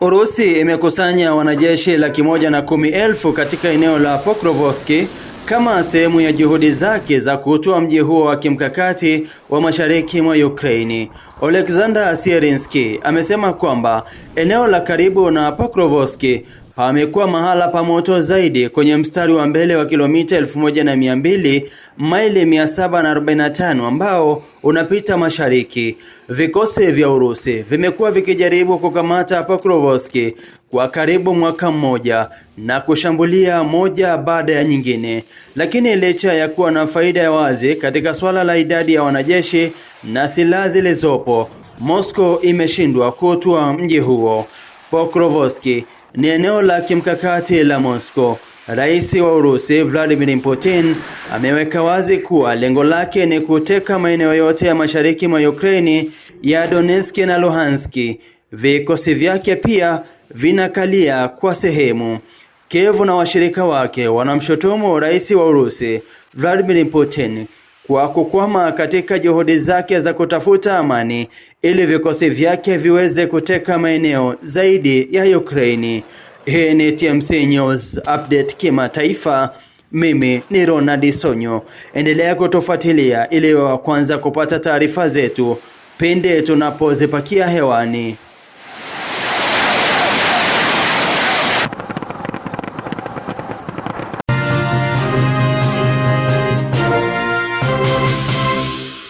Urusi imekusanya wanajeshi laki moja na kumi elfu katika eneo la Pokrovsk kama sehemu ya juhudi zake za kutoa mji huo wa kimkakati wa mashariki mwa Ukraini. Oleksandr sierinski amesema kwamba eneo la karibu na Pokrovsk pamekuwa mahala pa moto zaidi kwenye mstari wa mbele wa kilomita 1200 maili 745 ambao unapita mashariki. Vikosi vya Urusi vimekuwa vikijaribu kukamata Pokrovsk kwa karibu mwaka mmoja na kushambulia moja baada ya nyingine, lakini licha ya kuwa na faida ya wazi katika swala la idadi ya wanajeshi na silaha zilizopo, Moscow imeshindwa kutua mji huo. Pokrovsk ni eneo la kimkakati la Moscow. Rais wa Urusi Vladimir Putin ameweka wazi kuwa lengo lake ni kuteka maeneo yote ya mashariki mwa Ukraini ya Donetsk na Luhansk. Vikosi vyake pia vinakalia kwa sehemu. Kiev na washirika wake wanamshutumu rais wa Urusi Vladimir Putin kwa kukwama katika juhudi zake za kutafuta amani ili vikosi vyake viweze kuteka maeneo zaidi ya Ukraini. Hii ni TMC News Update kimataifa. Mimi ni Ronald Sonyo. Endelea kutufuatilia ili wa kwanza kupata taarifa zetu pindi tunapozipakia hewani.